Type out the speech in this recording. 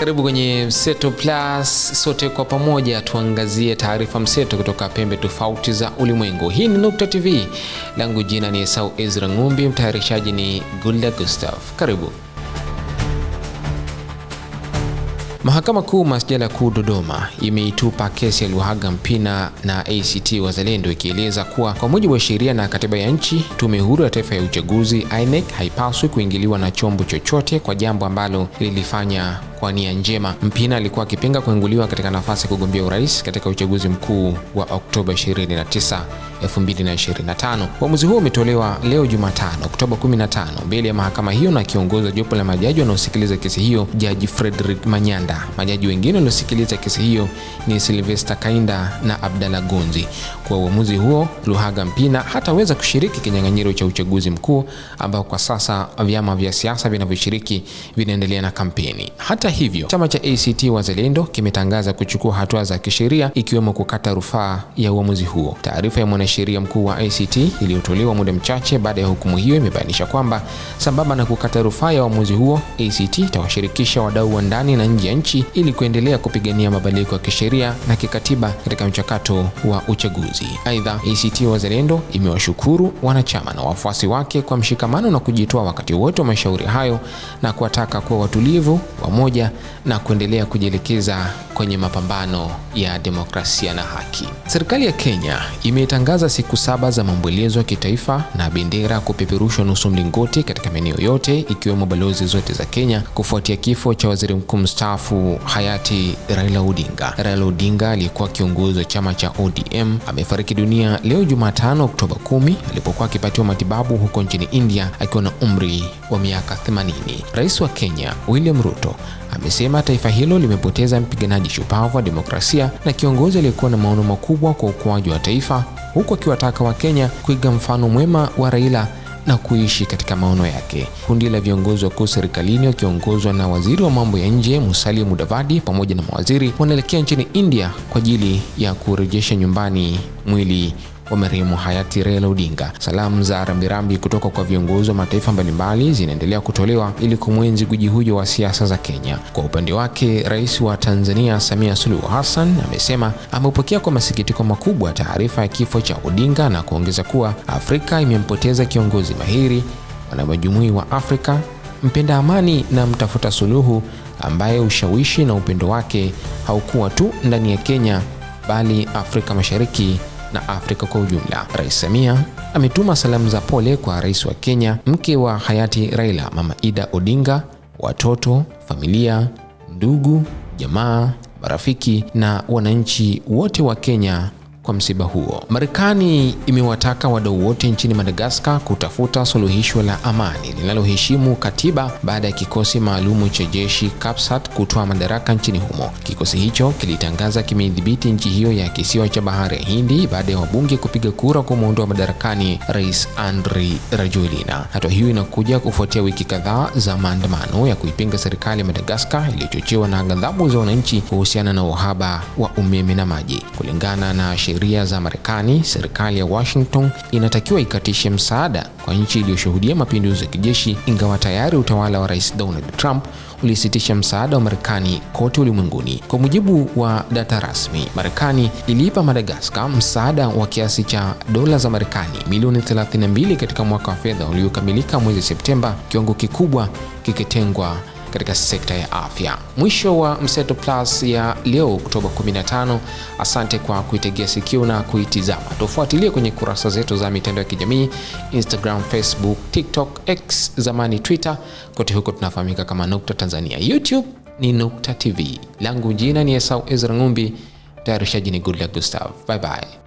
Karibu kwenye Mseto Plus, sote kwa pamoja tuangazie taarifa mseto kutoka pembe tofauti za ulimwengu. Hii ni Nukta TV, langu jina ni Esau Ezra Ngumbi, mtayarishaji ni Gulda Gustav. Karibu. Mahakama Kuu Masjala Kuu Dodoma imeitupa kesi ya Luhaga Mpina na ACT Wazalendo ikieleza kuwa kwa mujibu wa sheria na katiba ya nchi, Tume Huru ya Taifa ya Uchaguzi INEC haipaswi kuingiliwa na chombo chochote kwa jambo ambalo lilifanya kwa nia njema. Mpina alikuwa akipinga kuinguliwa katika nafasi ya kugombea urais katika uchaguzi mkuu wa Oktoba 29, 2025. Uamuzi huo umetolewa leo Jumatano, Oktoba 15 mbele ya mahakama hiyo na kiongoza jopo la majaji wanaosikiliza kesi hiyo, Jaji Frederick Manyanda. Majaji wengine waliosikiliza kesi hiyo ni Sylvester Kainda na Abdalla Gonzi. Kwa uamuzi huo, Luhaga Mpina hataweza kushiriki kinyang'anyiro cha uchaguzi mkuu ambao kwa sasa vyama vya siasa vinavyoshiriki vinaendelea na kampeni. Hata hivyo, chama cha ACT Wazalendo kimetangaza kuchukua hatua za kisheria ikiwemo kukata rufaa ya uamuzi huo. Taarifa ya mwanasheria mkuu wa ACT iliyotolewa muda mchache baada ya hukumu hiyo imebainisha kwamba sambamba na kukata rufaa ya uamuzi huo, ACT itawashirikisha wadau wa ndani na nje ya nchi ili kuendelea kupigania mabadiliko ya kisheria na kikatiba katika mchakato wa uchaguzi. Aidha, ACT Wazalendo imewashukuru wanachama na wafuasi wake kwa mshikamano na kujitoa wakati wote wa mashauri hayo na kuwataka kuwa watulivu, wamoja я na kuendelea kujielekeza kwenye mapambano ya demokrasia na haki. Serikali ya Kenya imetangaza siku saba za maombolezo ya kitaifa na bendera kupeperushwa nusu mlingoti katika maeneo yote ikiwemo balozi zote za Kenya kufuatia kifo cha waziri mkuu mstaafu hayati Raila Odinga. Raila Odinga aliyekuwa kiongozi wa chama cha ODM amefariki dunia leo Jumatano Oktoba 10 alipokuwa akipatiwa matibabu huko nchini India akiwa na umri wa miaka 80. Rais wa Kenya William Ruto amesema amesema taifa hilo limepoteza mpiganaji shupavu wa demokrasia na kiongozi aliyekuwa na maono makubwa kwa ukuaji wa taifa, huku akiwataka Wakenya kuiga mfano mwema wa Raila na kuishi katika maono yake. Kundi la viongozi wakuu serikalini wakiongozwa na waziri wa mambo ya nje Musalia Mudavadi pamoja na mawaziri wanaelekea nchini India kwa ajili ya kurejesha nyumbani mwili wa marehemu hayati Raila Odinga. Salamu za rambirambi kutoka kwa viongozi wa mataifa mbalimbali zinaendelea kutolewa ili kumwenzi guji huyo wa siasa za Kenya. Kwa upande wake, Rais wa Tanzania Samia Suluhu Hassan amesema amepokea kwa masikitiko makubwa taarifa ya kifo cha Odinga na kuongeza kuwa Afrika imempoteza kiongozi mahiri, mwanamajumui wa Afrika, mpenda amani na mtafuta suluhu ambaye ushawishi na upendo wake haukuwa tu ndani ya Kenya bali Afrika Mashariki na Afrika kwa ujumla. Rais Samia ametuma salamu za pole kwa rais wa Kenya, mke wa hayati Raila, Mama Ida Odinga, watoto, familia, ndugu, jamaa, marafiki na wananchi wote wa Kenya kwa msiba huo. Marekani imewataka wadau wote nchini Madagaskar kutafuta suluhisho la amani linaloheshimu katiba baada ya kikosi maalumu cha jeshi Capsat kutoa madaraka nchini humo. Kikosi hicho kilitangaza kimeidhibiti nchi hiyo ya kisiwa cha bahari ya Hindi baada ya wabunge kupiga kura kumuondoa madarakani Rais Andry Rajoelina. Hatua hiyo inakuja kufuatia wiki kadhaa za maandamano ya kuipinga serikali ya Madagaskar iliyochochewa na ghadhabu za wananchi kuhusiana na uhaba wa umeme na maji. Kulingana na sheria sheria za Marekani, serikali ya Washington inatakiwa ikatishe msaada kwa nchi iliyoshuhudia mapinduzi ya kijeshi, ingawa tayari utawala wa Rais Donald Trump ulisitisha msaada wa Marekani kote ulimwenguni. Kwa mujibu wa data rasmi, Marekani iliipa Madagaskar msaada wa kiasi cha dola za Marekani milioni 32 katika mwaka wa fedha uliokamilika mwezi Septemba, kiwango kikubwa kikitengwa katika sekta ya afya. Mwisho wa Mseto Plus ya leo Oktoba 15. Asante kwa kuitegea sikio na kuitizama. Tufuatilie kwenye kurasa zetu za mitandao ya kijamii Instagram, Facebook, TikTok, X zamani Twitter. Kote huko tunafahamika kama Nukta Tanzania. YouTube ni Nukta TV. Langu jina ni Esau Ezra Ngumbi, tayarishaji ni Goodluck Gustav. Bye bye.